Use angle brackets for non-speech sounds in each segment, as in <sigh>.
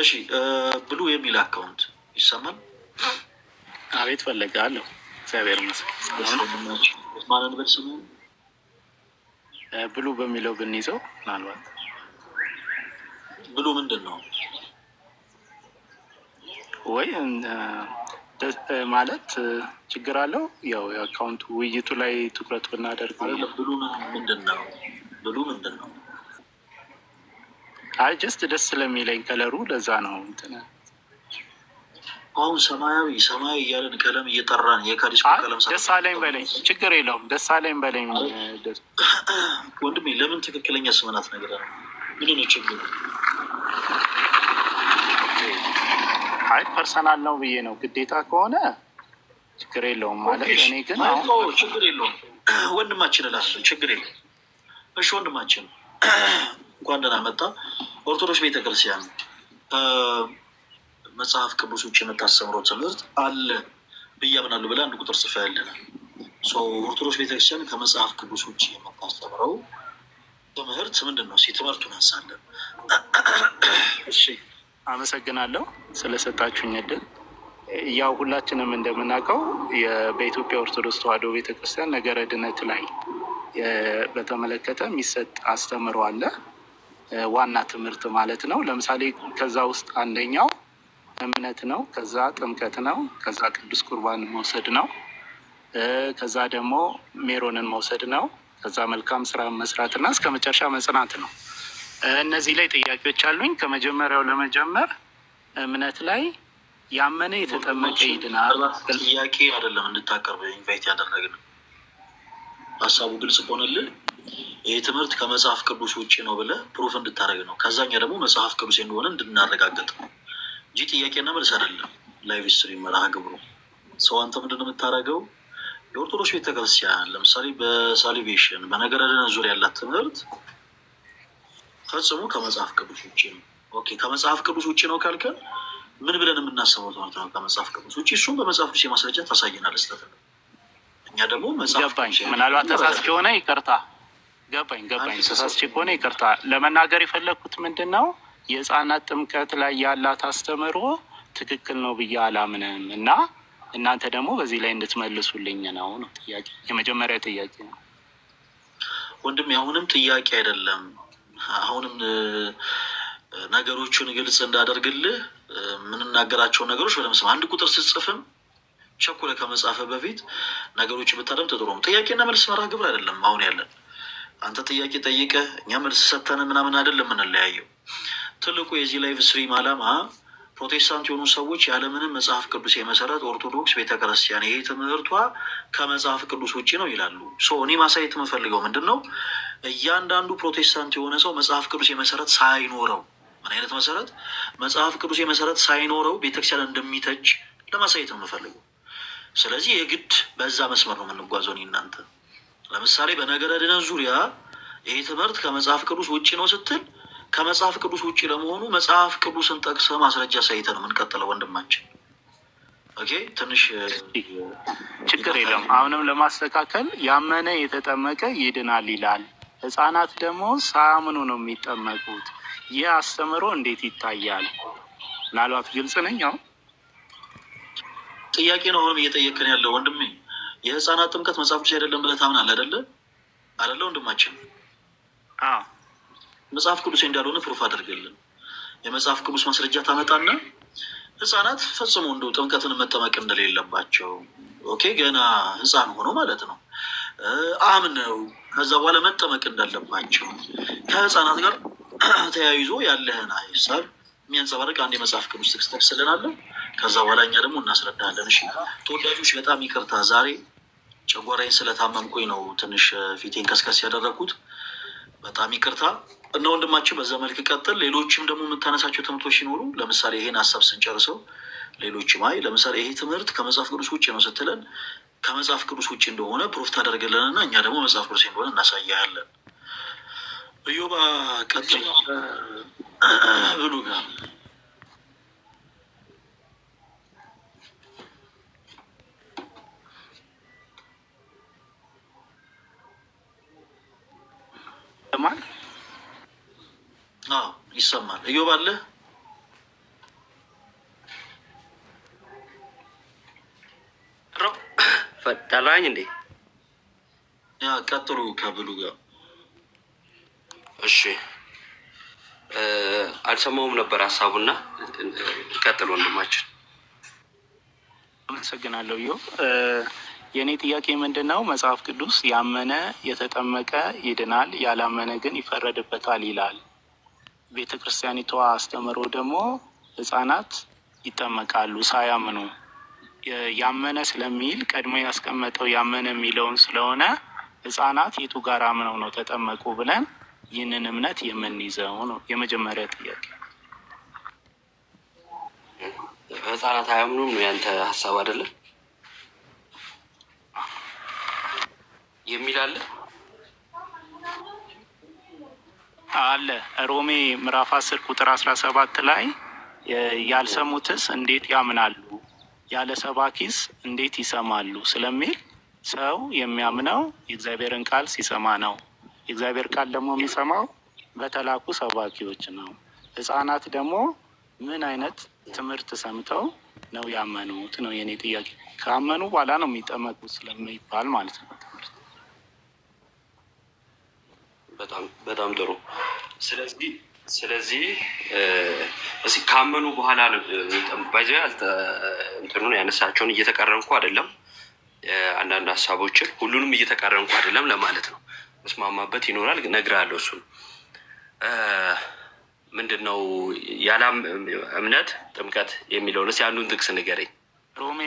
እሺ ብሉ የሚል አካውንት ይሰማል። አቤት ፈለገ አለሁ። እግዚአብሔር ይመስገን። ስሙ ብሉ በሚለው ብንይዘው ምናልባት ብሉ ምንድን ነው ወይ ማለት ችግር አለው። ያው የአካውንት ውይይቱ ላይ ትኩረት ብናደርግ ብሉ ምንድን ነው? ብሉ ምንድን ነው? አይ ጀስት ደስ ስለሚለኝ ከለሩ ለዛ ነው። እንትን አሁን ሰማያዊ ሰማያዊ እያለን ቀለም እየጠራን የካዲስ ቀለም ደስ አለኝ በለኝ፣ ችግር የለውም ደስ አለኝ በለኝ ወንድሜ። ለምን ትክክለኛ ስምናት ነገር ነው? ምን ነው ችግር? አይ ፐርሰናል ነው ብዬ ነው። ግዴታ ከሆነ ችግር የለውም ማለት እኔ ግን ችግር የለውም <clears throat> ወንድማችን እላለሁ። ችግር የለ። እሺ ወንድማችን <clears throat> እንኳን ደህና መጣ። ኦርቶዶክስ ቤተክርስቲያን መጽሐፍ ቅዱሶች የምታስተምረው ትምህርት አለ ብዬ አምናለሁ ብለህ አንድ ቁጥር ጽፋ ያለናል። ኦርቶዶክስ ቤተክርስቲያን ከመጽሐፍ ቅዱሶች የምታስተምረው ትምህርት ምንድን ነው? ትምህርቱን አሳለን። እሺ፣ አመሰግናለሁ ስለሰጣችሁኝ እድል። ያው ሁላችንም እንደምናውቀው በኢትዮጵያ ኦርቶዶክስ ተዋህዶ ቤተክርስቲያን ነገረ ድነት ላይ በተመለከተ የሚሰጥ አስተምሮ አለ። ዋና ትምህርት ማለት ነው። ለምሳሌ ከዛ ውስጥ አንደኛው እምነት ነው። ከዛ ጥምቀት ነው። ከዛ ቅዱስ ቁርባን መውሰድ ነው። ከዛ ደግሞ ሜሮንን መውሰድ ነው። ከዛ መልካም ስራ መስራት እስከ መጨረሻ መጽናት ነው። እነዚህ ላይ ጥያቄዎች አሉኝ። ከመጀመሪያው ለመጀመር እምነት ላይ ያመነ የተጠመቀ ይድናል። ጥያቄ አይደለም ኢንቫይት ያደረግን ሀሳቡ ግልጽ ሆነልን። ይህ ትምህርት ከመጽሐፍ ቅዱስ ውጭ ነው ብለህ ፕሩፍ እንድታደረግ ነው። ከዛኛ ደግሞ መጽሐፍ ቅዱስ እንደሆነ እንድናረጋግጥ ነው እንጂ ጥያቄና መልስ አይደለም። ላይቭ ስትሪም መርሃ ግብሩ ሰው አንተ ምንድን ነው የምታደርገው? የኦርቶዶክስ ቤተክርስቲያን ለምሳሌ በሳሊቬሽን በነገረ ድነት ዙሪያ ያላት ትምህርት ፈጽሞ ከመጽሐፍ ቅዱስ ውጭ ነው። ኦኬ ከመጽሐፍ ቅዱስ ውጭ ነው ካልከን ምን ብለን የምናስበው ትምህርት ነው ከመጽሐፍ ቅዱስ ውጭ? እሱም በመጽሐፍ ቅዱስ የማስረጃ ታሳየናል። ስተት እኛ ደግሞ መጽሐፍ ምናልባት ተሳስ ከሆነ ይቅርታ ገባኝ ገባኝ። ተሳስቼ ከሆነ ይቅርታ። ለመናገር የፈለግኩት ምንድን ነው የህፃናት ጥምቀት ላይ ያላት አስተምህሮ ትክክል ነው ብዬ አላምንም እና እናንተ ደግሞ በዚህ ላይ እንድትመልሱልኝ ነው ነው ጥያቄ የመጀመሪያ ጥያቄ ነው ወንድም። አሁንም ጥያቄ አይደለም አሁንም ነገሮቹን ግልጽ እንዳደርግልህ የምንናገራቸውን ነገሮች በደምስም አንድ ቁጥር ስጽፍም ቸኩለ ከመጻፈ በፊት ነገሮች ብታደም ጥሩ ጥያቄና መልስ መርሃ ግብር አይደለም አሁን ያለን አንተ ጥያቄ ጠይቀህ እኛ መልስ ሰተን ምናምን አይደለም የምንለያየው። ትልቁ የዚህ ላይቭ ስትሪም ዓላማ ፕሮቴስታንት የሆኑ ሰዎች ያለምንም መጽሐፍ ቅዱስ የመሰረት ኦርቶዶክስ ቤተክርስቲያን ይሄ ትምህርቷ ከመጽሐፍ ቅዱስ ውጭ ነው ይላሉ። እኔ ማሳየት የምፈልገው ምንድን ነው? እያንዳንዱ ፕሮቴስታንት የሆነ ሰው መጽሐፍ ቅዱስ የመሰረት ሳይኖረው ምን አይነት መሰረት መጽሐፍ ቅዱስ የመሰረት ሳይኖረው ቤተክርስቲያን እንደሚተች ለማሳየት ነው የምፈልገው። ስለዚህ የግድ በዛ መስመር ነው የምንጓዘው እኔ እናንተ ለምሳሌ በነገረ ድነት ዙሪያ ይሄ ትምህርት ከመጽሐፍ ቅዱስ ውጭ ነው ስትል ከመጽሐፍ ቅዱስ ውጭ ለመሆኑ መጽሐፍ ቅዱስን ጠቅሰ ማስረጃ ሳይተ ነው የምንቀጥለው። ወንድማችን ኦኬ፣ ትንሽ ችግር የለውም። አሁንም ለማስተካከል ያመነ የተጠመቀ ይድናል ይላል። ህጻናት ደግሞ ሳያምኑ ነው የሚጠመቁት። ይህ አስተምሮ እንዴት ይታያል? ምናልባት ግልጽ ነኝ። አሁን ጥያቄ ነው አሁንም እየጠየቅን ያለው ወንድሜ የህፃናት ጥምቀት መጽሐፍ ቅዱስ አይደለም ብለህ ታምናለህ አይደለ? አይደለ? ወንድማችን መጽሐፍ ቅዱስ እንዳልሆነ ፕሩፍ አድርግልን። የመጽሐፍ ቅዱስ ማስረጃ ታመጣና ህፃናት ፈጽሞ እንደው ጥምቀትን መጠመቅ እንደሌለባቸው ኦኬ፣ ገና ህፃን ሆኖ ማለት ነው አምነው ከዛ በኋላ መጠመቅ እንዳለባቸው ከህፃናት ጋር ተያይዞ ያለህን ሀሳብ የሚያንጸባርቅ አንድ የመጽሐፍ ቅዱስ ጥቅስ ጠቅስልናለን። ከዛ በኋላ እኛ ደግሞ እናስረዳለን። እሺ ተወዳጆች፣ በጣም ይቅርታ ዛሬ ጨጓራዬን ስለታመምኩኝ ነው ትንሽ ፊቴን ከስከስ ያደረግኩት። በጣም ይቅርታ እና ወንድማችን በዛ መልክ ቀጥል። ሌሎችም ደግሞ የምታነሳቸው ትምህርቶች ሲኖሩ ለምሳሌ ይሄን ሀሳብ ስንጨርሰው ሌሎችም አይ ለምሳሌ ይሄ ትምህርት ከመጽሐፍ ቅዱስ ውጭ ነው ስትለን ከመጽሐፍ ቅዱስ ውጭ እንደሆነ ፕሮፍ ታደርግልን እና እኛ ደግሞ መጽሐፍ ቅዱስ እንደሆነ እናሳያለን። እዮባ ቀጥል ብሉ ጋር ይሰማል? አዎ ይሰማል። እዮ ባለ ፈጠራኝ እንዴ? ቀጥሉ ከብሉ ጋር እሺ። አልሰማውም ነበር ሀሳቡና ቀጥል ወንድማችን። አመሰግናለሁ እዮ የእኔ ጥያቄ ምንድን ነው? መጽሐፍ ቅዱስ ያመነ የተጠመቀ ይድናል፣ ያላመነ ግን ይፈረድበታል ይላል። ቤተ ክርስቲያኒቷ አስተምሮ ደግሞ ህጻናት ይጠመቃሉ ሳያምኑ ያመነ ስለሚል ቀድሞ ያስቀመጠው ያመነ የሚለውን ስለሆነ ህጻናት የቱ ጋር አምነው ነው ተጠመቁ ብለን ይህንን እምነት የምንይዘው ነው? የመጀመሪያ ጥያቄ። ህጻናት አያምኑም ነው ያንተ ሀሳብ አይደለም? የሚል አለ አለ ሮሜ ምዕራፍ አስር ቁጥር አስራ ሰባት ላይ ያልሰሙትስ እንዴት ያምናሉ? ያለ ሰባኪስ እንዴት ይሰማሉ? ስለሚል ሰው የሚያምነው የእግዚአብሔርን ቃል ሲሰማ ነው። የእግዚአብሔር ቃል ደግሞ የሚሰማው በተላኩ ሰባኪዎች ነው። ሕፃናት ደግሞ ምን አይነት ትምህርት ሰምተው ነው ያመኑት? ነው የኔ ጥያቄ። ካመኑ በኋላ ነው የሚጠመቁት ስለሚባል ማለት ነው። በጣም ጥሩ። ስለዚህ ስለዚህ ካመኑ በኋላ ባይዘ እንትኑን ያነሳቸውን እየተቃረንኩ አይደለም፣ አንዳንድ ሀሳቦችን ሁሉንም እየተቃረንኩ አይደለም ለማለት ነው። መስማማበት ይኖራል፣ እነግርሃለሁ። እሱን ምንድን ነው ያላም እምነት ጥምቀት የሚለውን እስኪ አንዱን ጥቅስ ንገረኝ። ሮሜ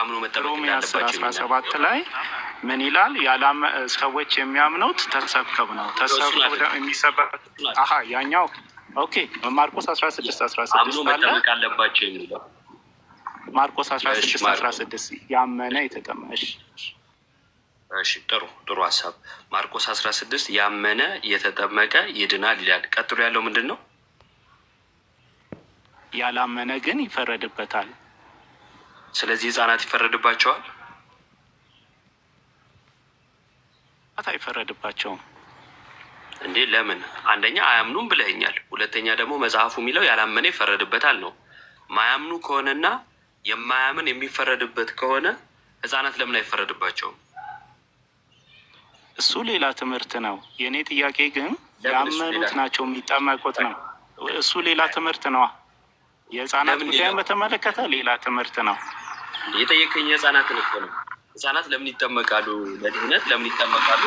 አምኖ መጠበቅ እንዳለባቸው ላይ ምን ይላል? ሰዎች የሚያምኑት ተሰብከብ ነው። ተሰብከብ የሚሰበክ ያኛው ኦኬ። ማርቆስ አስራ ስድስት አስራ ስድስት መጠመቅ አለባቸው የሚለው ማርቆስ አስራ ስድስት አስራ ስድስት ያመነ የተጠመቀ እሺ ጥሩ ጥሩ ሀሳብ ማርቆስ አስራ ስድስት ያመነ የተጠመቀ ይድናል ይላል። ቀጥሎ ያለው ምንድን ነው? ያላመነ ግን ይፈረድበታል። ስለዚህ ህጻናት ይፈረድባቸዋል? አይፈረድባቸውም። እንዴ ለምን? አንደኛ አያምኑም ብለኛል። ሁለተኛ ደግሞ መጽሐፉ የሚለው ያላመነ ይፈረድበታል ነው። ማያምኑ ከሆነና የማያምን የሚፈረድበት ከሆነ ህጻናት ለምን አይፈረድባቸውም? እሱ ሌላ ትምህርት ነው። የእኔ ጥያቄ ግን ያመኑት ናቸው የሚጠመቁት ነው። እሱ ሌላ ትምህርት ነዋ። የህጻናት ጉዳይን በተመለከተ ሌላ ትምህርት ነው። የጠየቀኝ የህፃናትን እኮ ነው። ህፃናት ለምን ይጠመቃሉ? ለድህነት ለምን ይጠመቃሉ?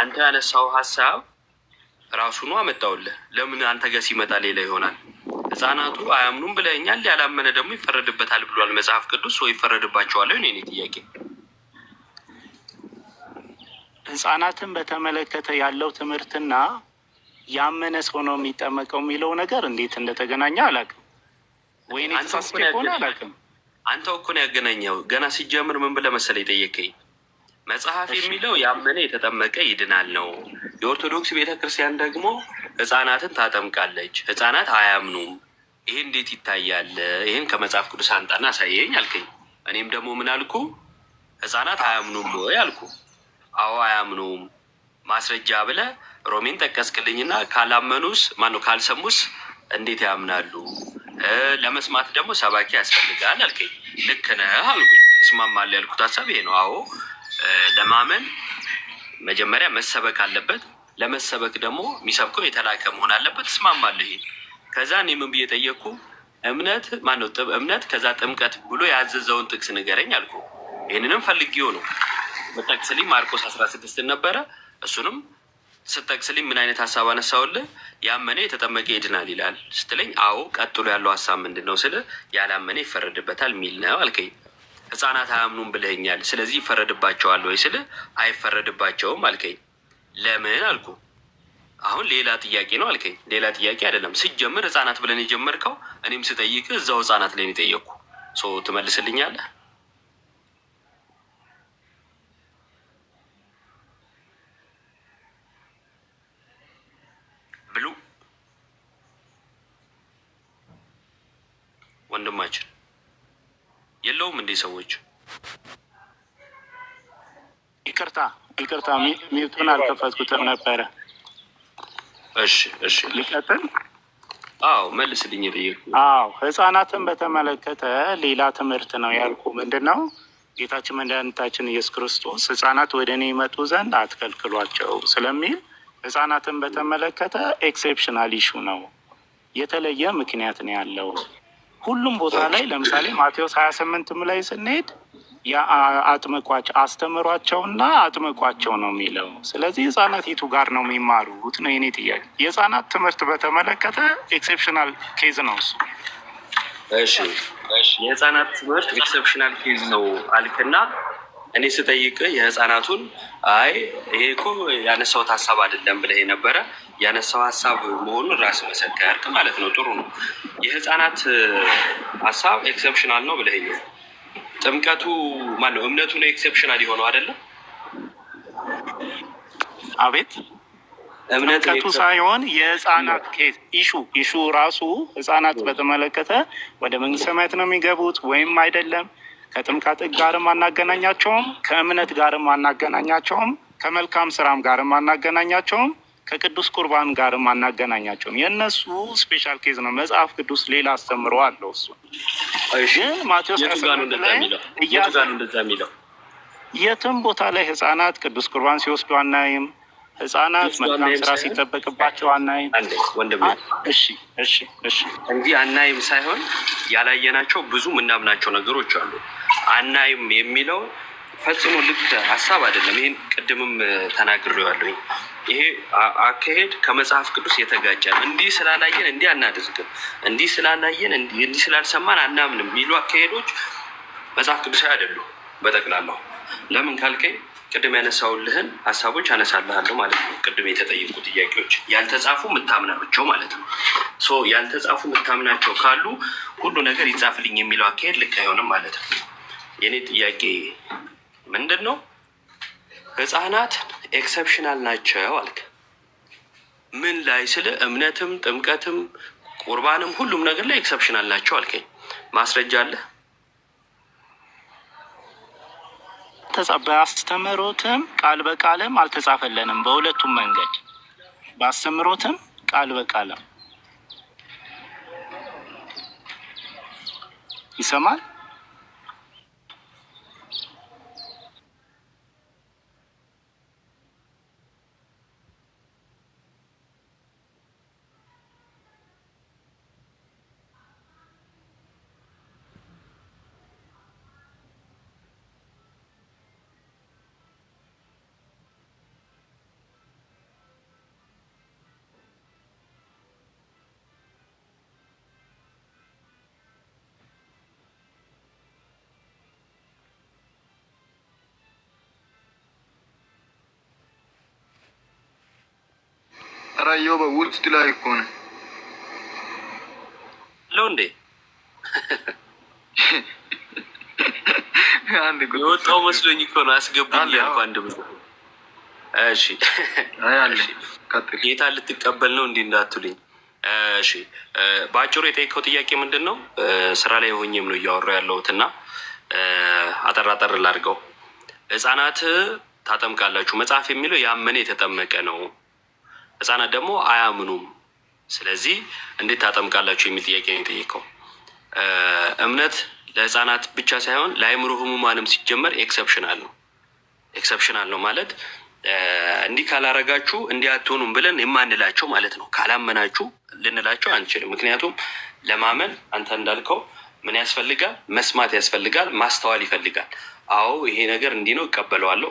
አንተ ያነሳው ሀሳብ ራሱ ነው አመጣውልህ። ለምን አንተ ጋር ሲመጣ ሌላ ይሆናል። ህፃናቱ አያምኑም ብለኛል። ያላመነ ደግሞ ይፈረድበታል ብሏል መጽሐፍ ቅዱስ። ሰው ይፈረድባቸዋል። የእኔ ጥያቄ ህፃናትን በተመለከተ ያለው ትምህርትና ያመነ ሰው ነው የሚጠመቀው የሚለው ነገር እንዴት እንደተገናኘ አላውቅም። ወይኔ ተሳስቼ እኮ ነው ያገናኘው። ገና ሲጀምር ምን ብለህ መሰለህ የጠየቀኝ መጽሐፍ የሚለው ያመነ የተጠመቀ ይድናል ነው። የኦርቶዶክስ ቤተክርስቲያን ደግሞ ህፃናትን ታጠምቃለች፣ ህፃናት አያምኑም። ይሄ እንዴት ይታያል? ይህን ከመጽሐፍ ቅዱስ አንጣና አሳየኝ አልከኝ። እኔም ደግሞ ምን አልኩ? ህፃናት አያምኑም ወይ አልኩ። አዎ አያምኑም። ማስረጃ ብለ ሮሜን ጠቀስክልኝና ካላመኑስ ማነው ካልሰሙስ እንዴት ያምናሉ? ለመስማት ደግሞ ሰባኪ ያስፈልጋል አልከኝ። ልክ ነህ አልኩኝ። እስማማለሁ ያልኩት ሀሳብ ይሄ ነው። አዎ ለማመን መጀመሪያ መሰበክ አለበት። ለመሰበክ ደግሞ የሚሰብከው የተላከ መሆን አለበት። እስማማለሁ። ይሄ ከዛ እኔ ምን ብዬ ጠየቅኩ? እምነት ማነው? እምነት ከዛ ጥምቀት ብሎ ያዘዘውን ጥቅስ ንገረኝ አልኩ። ይህንንም ፈልጌው ነው መጠቅስልኝ ማርቆስ አስራ ስድስትን ነበረ እሱንም ስጠቅስልኝ ምን አይነት ሀሳብ አነሳውልህ? ያመነ የተጠመቀ ይድናል ይላል ስትለኝ፣ አዎ ቀጥሎ ያለው ሀሳብ ምንድን ነው ስለ ያላመነ ይፈረድበታል የሚል ነው አልከኝ። ህጻናት አያምኑም ብለኛል። ስለዚህ ይፈረድባቸዋል ወይ ስል አይፈረድባቸውም አልከኝ። ለምን አልኩ። አሁን ሌላ ጥያቄ ነው አልከኝ። ሌላ ጥያቄ አይደለም። ስጀምር ህጻናት ብለን የጀመርከው እኔም ስጠይቅ እዛው ህጻናት ላይ ነው የጠየቅኩ። ሶ ትመልስልኛለህ? ወንድማችን የለውም እንዴ? ሰዎች ይቅርታ ይቅርታ፣ ሚቱን አልከፈትኩትም ነበረ። እሺ እሺ፣ ሊቀጥል አዎ መልስልኝ ብዬ። አዎ ህጻናትን በተመለከተ ሌላ ትምህርት ነው ያልኩ። ምንድን ነው ጌታችን መድኃኒታችን ኢየሱስ ክርስቶስ ህጻናት ወደ እኔ ይመጡ ዘንድ አትከልክሏቸው ስለሚል ህጻናትን በተመለከተ ኤክሴፕሽናል ኢሹ ነው፣ የተለየ ምክንያት ነው ያለው ሁሉም ቦታ ላይ ለምሳሌ ማቴዎስ ሀያ ስምንትም ላይ ስንሄድ አጥምቋቸው አስተምሯቸውና አጥምቋቸው ነው የሚለው። ስለዚህ ህጻናት የቱ ጋር ነው የሚማሩት ነው የኔ ጥያቄ። የህጻናት ትምህርት በተመለከተ ኤክሴፕሽናል ኬዝ ነው እሱ። እሺ የህጻናት ትምህርት ኤክሴፕሽናል ኬዝ ነው አልክና እኔ ስጠይቅ የህፃናቱን አይ ይሄ እኮ ያነሳሁት ሀሳብ አይደለም ብለህ የነበረ ያነሳው ሀሳብ መሆኑን ራስ መሰከርክ ማለት ነው። ጥሩ ነው። የህፃናት ሀሳብ ኤክሰፕሽናል ነው ነው። ጥምቀቱ ማነው? እምነቱ ነው ኤክሰፕሽናል የሆነው አይደለም? አቤት እምነቱ ሳይሆን የህፃናት ኢሹ ኢሹ ራሱ ህፃናት በተመለከተ ወደ መንግስት ሰማያት ነው የሚገቡት ወይም አይደለም ከጥምቀት ጋርም አናገናኛቸውም፣ ከእምነት ጋርም አናገናኛቸውም፣ ከመልካም ስራም ጋርም አናገናኛቸውም፣ ከቅዱስ ቁርባን ጋርም አናገናኛቸውም። የእነሱ ስፔሻል ኬዝ ነው። መጽሐፍ ቅዱስ ሌላ አስተምሮ አለው። እሱ ግን ማቴዎስ የሚለው የትም ቦታ ላይ ህጻናት ቅዱስ ቁርባን ሲወስዱ አናይም። ህጻናት መልካም ስራ ሲጠበቅባቸው አናይም። እሺ እሺ እሺ አናይም ሳይሆን ያላየናቸው ብዙ ምናምናቸው ነገሮች አሉ። አናይም የሚለው ፈጽሞ ልክ ሀሳብ አይደለም። ይህን ቅድምም ተናግሬዋለሁኝ። ይሄ አካሄድ ከመጽሐፍ ቅዱስ የተጋጨ ነው። እንዲህ ስላላየን እንዲህ አናደርግም፣ እንዲህ ስላላየን እንዲህ ስላልሰማን አናምንም የሚሉ አካሄዶች መጽሐፍ ቅዱሳዊ አይደሉም በጠቅላላው። ለምን ካልከኝ ቅድም ያነሳውልህን ሀሳቦች አነሳልሃለሁ ማለት ነው። ቅድም የተጠየቁ ጥያቄዎች ያልተጻፉ ምታምናቸው ማለት ነው። ሶ ያልተጻፉ ምታምናቸው ካሉ ሁሉ ነገር ይጻፍልኝ የሚለው አካሄድ ልክ አይሆንም ማለት ነው። የኔ ጥያቄ ምንድን ነው? ህፃናት ኤክሰፕሽናል ናቸው አልክ። ምን ላይ ስለ እምነትም ጥምቀትም ቁርባንም ሁሉም ነገር ላይ ኤክሰፕሽናል ናቸው አልከኝ። ማስረጃ አለ? በአስተምሮትም ቃል በቃልም አልተጻፈለንም። በሁለቱም መንገድ በአስተምሮትም ቃል በቃልም ይሰማል የተከራየው በውስጥ ላይ እኮ ነው ለው እንዴ የወጣው መስሎኝ እኮ ነው። አስገቡኝ ያልኩ አንድ ብዙ እሺ፣ ጌታ ልትቀበል ነው እንዲህ እንዳትሉኝ። እሺ፣ በአጭሩ የጠየቀው ጥያቄ ምንድን ነው? ስራ ላይ ሆኜም ነው እያወራሁ ያለሁት እና አጠር አጠር ላድርገው። ህጻናት ታጠምቃላችሁ፣ መጽሐፍ የሚለው ያመነ የተጠመቀ ነው ህጻናት ደግሞ አያምኑም። ስለዚህ እንዴት ታጠምቃላችሁ የሚል ጥያቄ ነው የጠየቀው። እምነት ለህፃናት ብቻ ሳይሆን ለአይምሮ ህሙማንም ሲጀመር ኤክሰፕሽናል ነው። ኤክሰፕሽናል ነው ማለት እንዲህ ካላረጋችሁ እንዲህ አትሆኑም ብለን የማንላቸው ማለት ነው። ካላመናችሁ ልንላቸው አንችልም። ምክንያቱም ለማመን አንተ እንዳልከው ምን ያስፈልጋል? መስማት ያስፈልጋል፣ ማስተዋል ይፈልጋል። አዎ ይሄ ነገር እንዲህ ነው እቀበለዋለሁ፣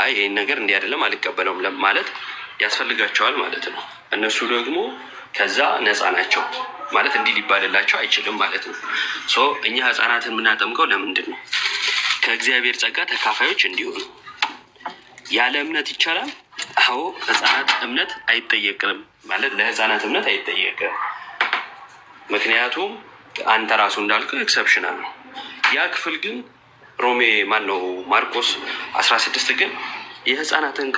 አይ ይሄን ነገር እንዲህ አይደለም አልቀበለውም ማለት ያስፈልጋቸዋል ማለት ነው። እነሱ ደግሞ ከዛ ነፃ ናቸው ማለት እንዲህ ሊባልላቸው አይችልም ማለት ነው። ሶ እኛ ህፃናትን የምናጠምቀው ለምንድን ነው? ከእግዚአብሔር ጸጋ ተካፋዮች እንዲሆኑ። ያለ እምነት ይቻላል? አዎ፣ ህፃናት እምነት አይጠየቅም ማለት ለህፃናት እምነት አይጠየቅም። ምክንያቱም አንተ ራሱ እንዳልከው ኤክሰፕሽናል ነው። ያ ክፍል ግን ሮሜ ማን ነው? ማርቆስ አስራ ስድስት ግን የህፃናትን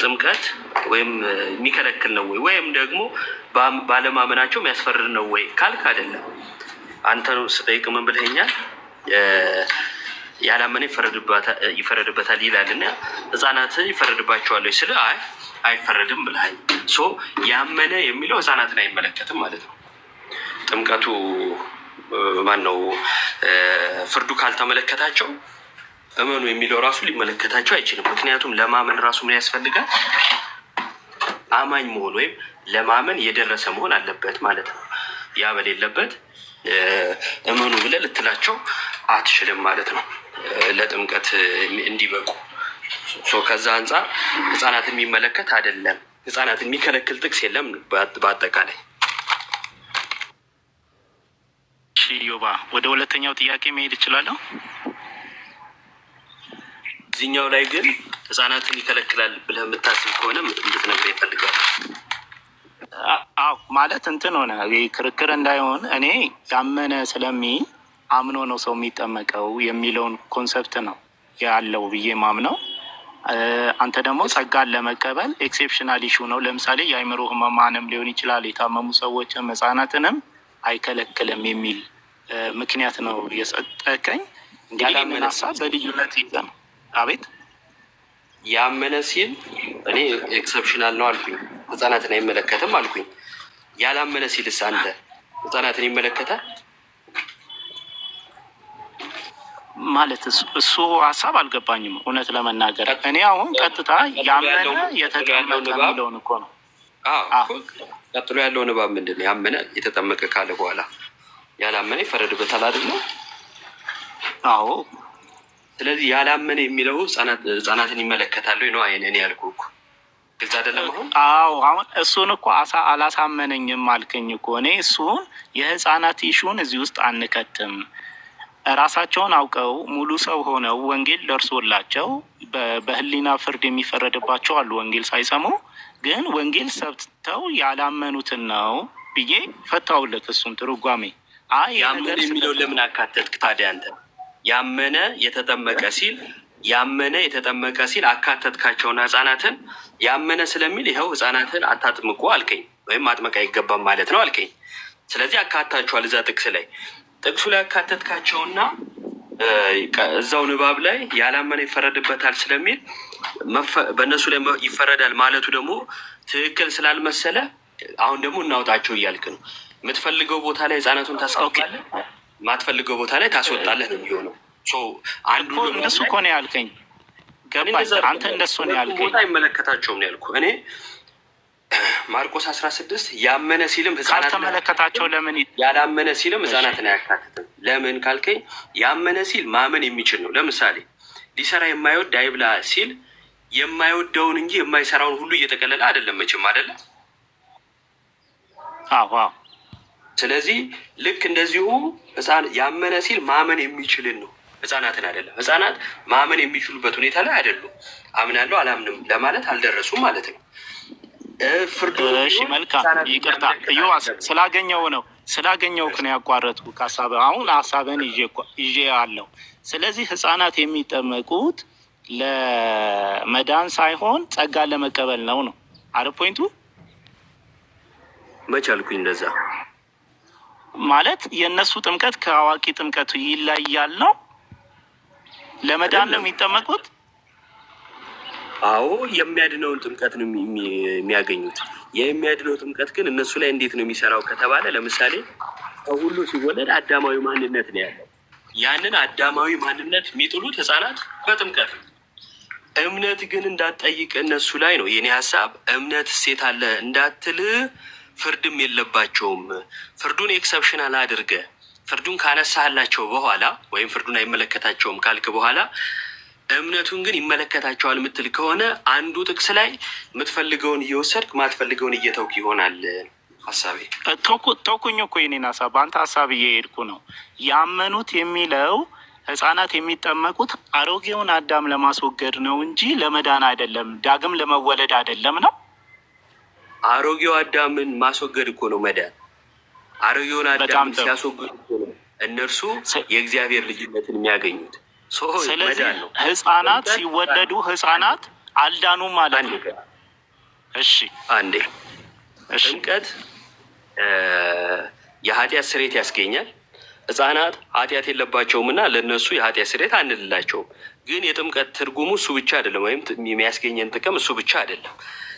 ጥምቀት ወይም የሚከለክል ነው ወይ ወይም ደግሞ ባለማመናቸው የሚያስፈርድ ነው ወይ ካልክ አይደለም። አንተ ስጠይቅ ምን ብለኸኛል? ያላመነ ይፈረድበታል ይላል እና ህፃናት ይፈረድባቸዋለች ስለ አይ አይፈረድም ብለሃል። ሶ ያመነ የሚለው ህፃናትን አይመለከትም ማለት ነው። ጥምቀቱ ማን ነው ፍርዱ ካልተመለከታቸው እመኑ የሚለው ራሱ ሊመለከታቸው አይችልም። ምክንያቱም ለማመን ራሱ ምን ያስፈልጋል? አማኝ መሆን ወይም ለማመን የደረሰ መሆን አለበት ማለት ነው። ያ በሌለበት እመኑ ብለህ ልትላቸው አትችልም ማለት ነው። ለጥምቀት እንዲበቁ ከዛ አንጻር ህጻናትን የሚመለከት አይደለም። ህፃናትን የሚከለክል ጥቅስ የለም። በአጠቃላይ ዮባ ወደ ሁለተኛው ጥያቄ መሄድ እችላለሁ። እዚኛው ላይ ግን ህጻናትን ይከለክላል ብለህ የምታስብ ከሆነ እንድትነግረኝ ይፈልጋል። አዎ ማለት እንትን ሆነ ክርክር እንዳይሆን እኔ ያመነ ስለሚ አምኖ ነው ሰው የሚጠመቀው የሚለውን ኮንሰፕት ነው ያለው ብዬ ማምነው። አንተ ደግሞ ጸጋን ለመቀበል ኤክሴፕሽናል ኢሹ ነው። ለምሳሌ የአይምሮ ህመማንም ሊሆን ይችላል የታመሙ ሰዎችም ህጻናትንም አይከለክልም የሚል ምክንያት ነው የሰጠከኝ። እንግዲህ ምን በልዩነት ይዘ ነው አቤት ያመነ ሲል እኔ ኤክሰፕሽናል ነው አልኩኝ። ህጻናትን አይመለከትም አልኩኝ። ያላመነ ሲልስ አንተ ህጻናትን ይመለከታል ማለት እሱ ሀሳብ አልገባኝም። እውነት ለመናገር እኔ አሁን ቀጥታ ያመነ የተጠመቀ የሚለውን እኮ ነው። ቀጥሎ ያለው ንባብ ምንድን ነው? ያመነ የተጠመቀ ካለ በኋላ ያላመነ ይፈረድበታል አይደል? አዎ ስለዚህ ያላመነ የሚለው ህጻናትን ይመለከታሉ ነው። አይ ያልኩ እኮ ግልጽ አይደለም። አሁን አዎ፣ አሁን እሱን እኮ አላሳመነኝም አልከኝ እኮ እኔ እሱን የህጻናት ኢሹን እዚህ ውስጥ አንከትም። ራሳቸውን አውቀው ሙሉ ሰው ሆነው ወንጌል ደርሶላቸው በህሊና ፍርድ የሚፈረድባቸው አሉ። ወንጌል ሳይሰሙ ግን ወንጌል ሰብተው ያላመኑትን ነው ብዬ ፈታውልክ። እሱን ትርጓሜ አይ ያምን የሚለው ለምን አካተትክ ታዲያ አንተ? ያመነ የተጠመቀ ሲል ያመነ የተጠመቀ ሲል አካተትካቸውን ህጻናትን ያመነ ስለሚል ይኸው ህጻናትን አታጥምቁ አልከኝ፣ ወይም ማጥመቅ አይገባም ማለት ነው አልከኝ። ስለዚህ አካታችኋል እዛ ጥቅስ ላይ ጥቅሱ ላይ አካተትካቸውና እዛው ንባብ ላይ ያላመነ ይፈረድበታል ስለሚል በእነሱ ላይ ይፈረዳል ማለቱ ደግሞ ትክክል ስላልመሰለ አሁን ደግሞ እናውጣቸው እያልክ ነው። የምትፈልገው ቦታ ላይ ህጻናቱን ታስቀምጣለህ። ማትፈልገው ቦታ ላይ ታስወጣለህ ነው የሚሆነው። አንዱ እንደሱ እኮ ነው ያልከኝ። አንተ እንደሱ ነው ያልከኝ። ቦታ አይመለከታቸውም ነው ያልኩህ እኔ ማርቆስ አስራ ስድስት ያመነ ሲልም ካልተመለከታቸው ለምን ያላመነ ሲልም ህጻናትን አያካትትም። ለምን ካልከኝ ያመነ ሲል ማመን የሚችል ነው። ለምሳሌ ሊሰራ የማይወድ አይብላ ሲል የማይወደውን እንጂ የማይሰራውን ሁሉ እየጠቀለለ አይደለም። መቼም አይደለም። አዎ ስለዚህ ልክ እንደዚሁ ያመነ ሲል ማመን የሚችልን ነው፣ ህፃናትን አይደለም። ህፃናት ማመን የሚችሉበት ሁኔታ ላይ አይደሉም። አምናለሁ አላምንም ለማለት አልደረሱም ማለት ነው። ፍርዱ እሺ፣ መልካም ይቅርታ፣ ስላገኘው ነው ስላገኘው ክን ያቋረጥኩ ከሀሳብ አሁን ሀሳብን ይዤ አለው። ስለዚህ ህፃናት የሚጠመቁት ለመዳን ሳይሆን ጸጋን ለመቀበል ነው ነው አረ ፖይንቱ መቻልኩኝ እንደዛ ማለት የእነሱ ጥምቀት ከአዋቂ ጥምቀቱ ይለያል ነው። ለመዳን ነው የሚጠመቁት። አዎ የሚያድነውን ጥምቀት ነው የሚያገኙት። የሚያድነው ጥምቀት ግን እነሱ ላይ እንዴት ነው የሚሰራው ከተባለ ለምሳሌ ከሁሉ ሲወለድ አዳማዊ ማንነት ነው ያለው። ያንን አዳማዊ ማንነት የሚጥሉት ህጻናት በጥምቀት ነው። እምነት ግን እንዳትጠይቅ እነሱ ላይ ነው የኔ ሀሳብ። እምነት እሴት አለ እንዳትል ፍርድም የለባቸውም። ፍርዱን ኤክሰፕሽናል አድርገ ፍርዱን ካነሳህላቸው በኋላ ወይም ፍርዱን አይመለከታቸውም ካልክ በኋላ እምነቱን ግን ይመለከታቸዋል የምትል ከሆነ አንዱ ጥቅስ ላይ የምትፈልገውን እየወሰድክ ማትፈልገውን እየተውክ ይሆናል። ሀሳቤ ተውኩኝ እኮ የኔን ሀሳብ በአንተ ሀሳብ እየሄድኩ ነው። ያመኑት የሚለው ህጻናት የሚጠመቁት አሮጌውን አዳም ለማስወገድ ነው እንጂ ለመዳን አይደለም፣ ዳግም ለመወለድ አይደለም ነው አሮጌው አዳምን ማስወገድ እኮ ነው መዳን። አሮጌውን አዳም ሲያስወገድ እኮ ነው እነርሱ የእግዚአብሔር ልጅነትን የሚያገኙት። ስለዚህ ህጻናት ሲወለዱ ህጻናት አልዳኑም ማለት ነው። እሺ አንዴ ጥምቀት የኃጢአት ስሬት ያስገኛል። ህጻናት ኃጢአት የለባቸውም እና ለእነሱ የኃጢአት ስሬት አንልላቸውም። ግን የጥምቀት ትርጉሙ እሱ ብቻ አይደለም፣ ወይም የሚያስገኘን ጥቅም እሱ ብቻ አይደለም።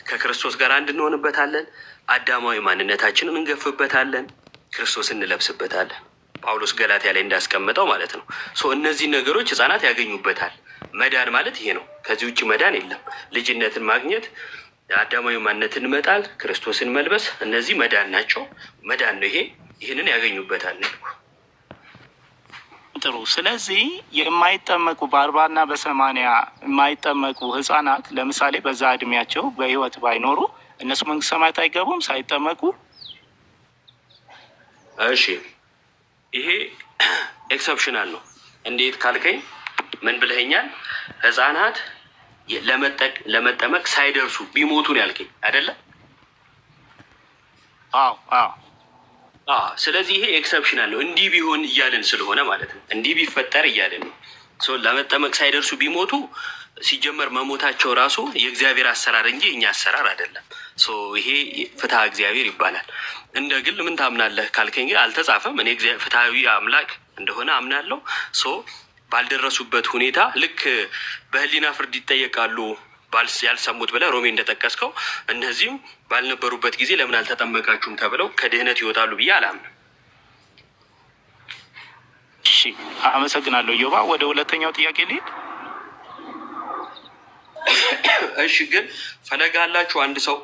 ከክርስቶስ ጋር አንድ እንሆንበታለን። አዳማዊ ማንነታችንን እንገፍበታለን፣ ክርስቶስ እንለብስበታለን። ጳውሎስ ገላትያ ላይ እንዳስቀመጠው ማለት ነው። እነዚህ ነገሮች ህፃናት ያገኙበታል። መዳን ማለት ይሄ ነው። ከዚህ ውጭ መዳን የለም። ልጅነትን ማግኘት፣ አዳማዊ ማንነትን መጣል፣ ክርስቶስን መልበስ፣ እነዚህ መዳን ናቸው። መዳን ነው ይሄ። ይህንን ያገኙበታል። ጥሩ። ስለዚህ የማይጠመቁ በአርባና በሰማንያ የማይጠመቁ ህጻናት ለምሳሌ በዛ እድሜያቸው በህይወት ባይኖሩ እነሱ መንግስት ሰማያት አይገቡም ሳይጠመቁ። እሺ ይሄ ኤክሰፕሽናል ነው። እንዴት ካልከኝ ምን ብለኸኛል? ህጻናት ለመጠመቅ ሳይደርሱ ቢሞቱን ያልከኝ አይደለም? አዎ አዎ ስለዚህ ይሄ ኤክሰፕሽን አለው እንዲህ ቢሆን እያለን ስለሆነ ማለት ነው። እንዲህ ቢፈጠር እያለን ነው። ለመጠመቅ ሳይደርሱ ቢሞቱ ሲጀመር መሞታቸው ራሱ የእግዚአብሔር አሰራር እንጂ እኛ አሰራር አይደለም። ይሄ ፍትሐ እግዚአብሔር ይባላል። እንደ ግል ምን ታምናለህ ካልከኝ አልተጻፈም። እኔ ፍትሐዊ አምላክ እንደሆነ አምናለሁ። ባልደረሱበት ሁኔታ ልክ በህሊና ፍርድ ይጠየቃሉ ያልሰሙት ብለህ ሮሜ እንደጠቀስከው እነዚህም ባልነበሩበት ጊዜ ለምን አልተጠመቃችሁም ተብለው ከድህነት ይወጣሉ ብዬ አላምንም። እሺ፣ አመሰግናለሁ ዮባ። ወደ ሁለተኛው ጥያቄ ልሂድ። እሺ፣ ግን ፈለጋ አላችሁ አንድ ሰው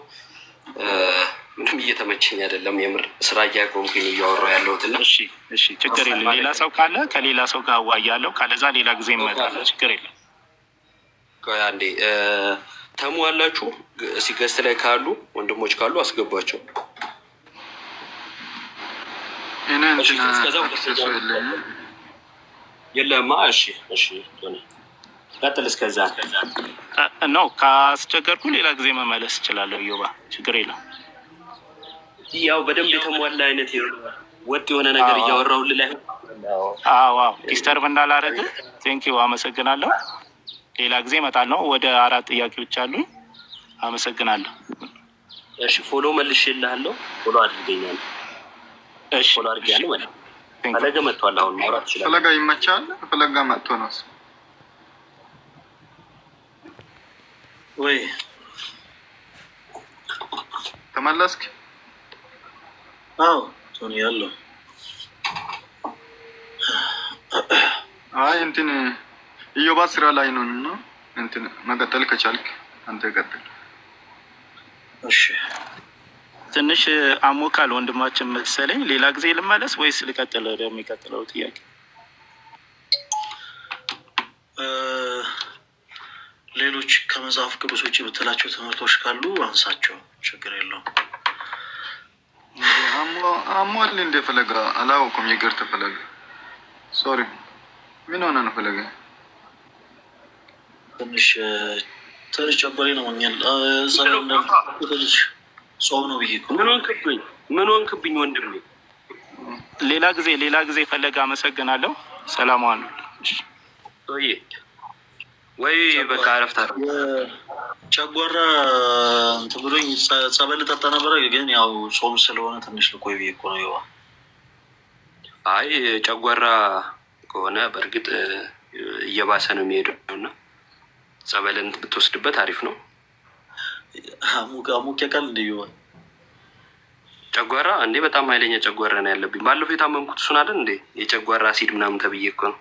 ምንም እየተመቸኝ አይደለም። የምር ስራ እያቆምኩኝ እያወራሁ ያለሁት እና እሺ፣ እሺ፣ ችግር የለም። ሌላ ሰው ካለ ከሌላ ሰው ጋር አዋያለሁ፣ ካለዛ ሌላ ጊዜ እመጣለሁ። ችግር የለም። አንዴ ተሙ አላችሁ ሲገስት ላይ ካሉ ወንድሞች ካሉ አስገቧቸው። የለማ እሺ፣ እሺ ቀጥል። እስከዛ ነው ካስቸገርኩ ሌላ ጊዜ መመለስ እችላለሁ። ዮባ ችግር የለም። ያው በደንብ የተሟላ አይነት ወጥ የሆነ ነገር እያወራሁልህ ላይ አዎ፣ ዲስተርብ እንዳላረግ ቴንኪው፣ አመሰግናለሁ። ሌላ ጊዜ እመጣለሁ። ወደ አራት ጥያቄዎች አሉ። አመሰግናለሁ። እሺ ፎሎ መልሼልሃለሁ። ፎሎ አድርገኛል። እሺ ፎሎ አድርገኛል ማለት ፈለገ መጥቷል። አሁን ማውራት ይችላል። ፈለጋ ይመቻል። ፈለጋ መጥቶ ነው ወይ? ተመለስክ? አዎ ቶኒ ያለው አይ እንትን እዮባ ስራ ላይ ነው እና እንትን መቀጠል ከቻልክ አንተ ቀጥል። እሺ ትንሽ አሞካል ወንድማችን መሰለኝ። ሌላ ጊዜ ልመለስ ወይስ ልቀጥል? የሚቀጥለው ጥያቄ ሌሎች ከመጽሐፍ ቅዱስ ውጭ የምትላቸው ትምህርቶች ካሉ አንሳቸው፣ ችግር የለውም። አሟል እንደፈለገ አላወኩም። ይቅርታ ፈለገ ሶሪ፣ ምን ሆነ ነው ፈለገ ትንሽ ትንሽ ጨበሬ ነው ሞኛል። ትንሽ ጾም ነው ብዬ ምን ሆንክብኝ? ምን ሆንክብኝ ወንድሜ? ሌላ ጊዜ ሌላ ጊዜ ፈለገ። አመሰግናለሁ። ሰላም ዋሉ። ወይ በቃ አረፍታ ጨጓራ እንትን ብሎኝ ጸበል ጠጣ ነበረ፣ ግን ያው ጾም ስለሆነ ትንሽ ልቆይ ብዬ እኮ ነው። ይዋ አይ ጨጓራ ከሆነ በእርግጥ እየባሰ ነው የሚሄደው እና ጸበልን ብትወስድበት አሪፍ ነው። አሞቅ አሞቅ ያውቃል እንደ ጨጓራ እንዴ፣ በጣም ኃይለኛ ጨጓራ ነው ያለብኝ። ባለፈው የታመምኩት እሱን አይደል እንዴ? የጨጓራ አሲድ ምናምን ተብዬ እኮ ነው።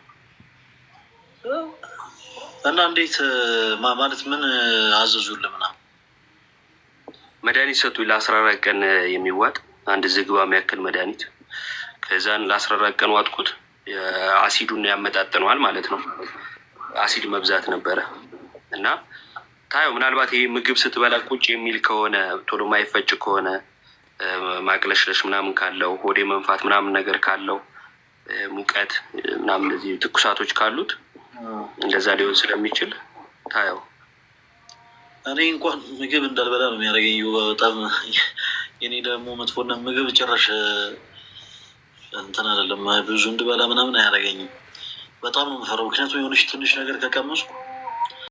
እና እንዴት ማለት ምን አዘዙልህ ምናምን? መድኃኒት ሰጡኝ ለአስራ አራት ቀን የሚዋጥ አንድ ዝግባ የሚያክል መድኃኒት። ከዛን ለአስራ አራት ቀን ዋጥኩት። አሲዱን ያመጣጥነዋል ማለት ነው። አሲድ መብዛት ነበረ። እና ታየው ምናልባት ይህ ምግብ ስትበላ ቁጭ የሚል ከሆነ ቶሎ ማይፈጭ ከሆነ ማቅለሽለሽ ምናምን ካለው ሆዴ መንፋት ምናምን ነገር ካለው ሙቀት ምናምን እዚህ ትኩሳቶች ካሉት እንደዛ ሊሆን ስለሚችል ታየው። እኔ እንኳን ምግብ እንዳልበላ ነው የሚያደርገኝ በጣም የኔ ደግሞ መጥፎና ምግብ ጭራሽ እንትን አይደለም ብዙ እንድበላ ምናምን አያደርገኝም። በጣም ነው የምፈራው፣ ምክንያቱም የሆነች ትንሽ ነገር ከቀመስኩ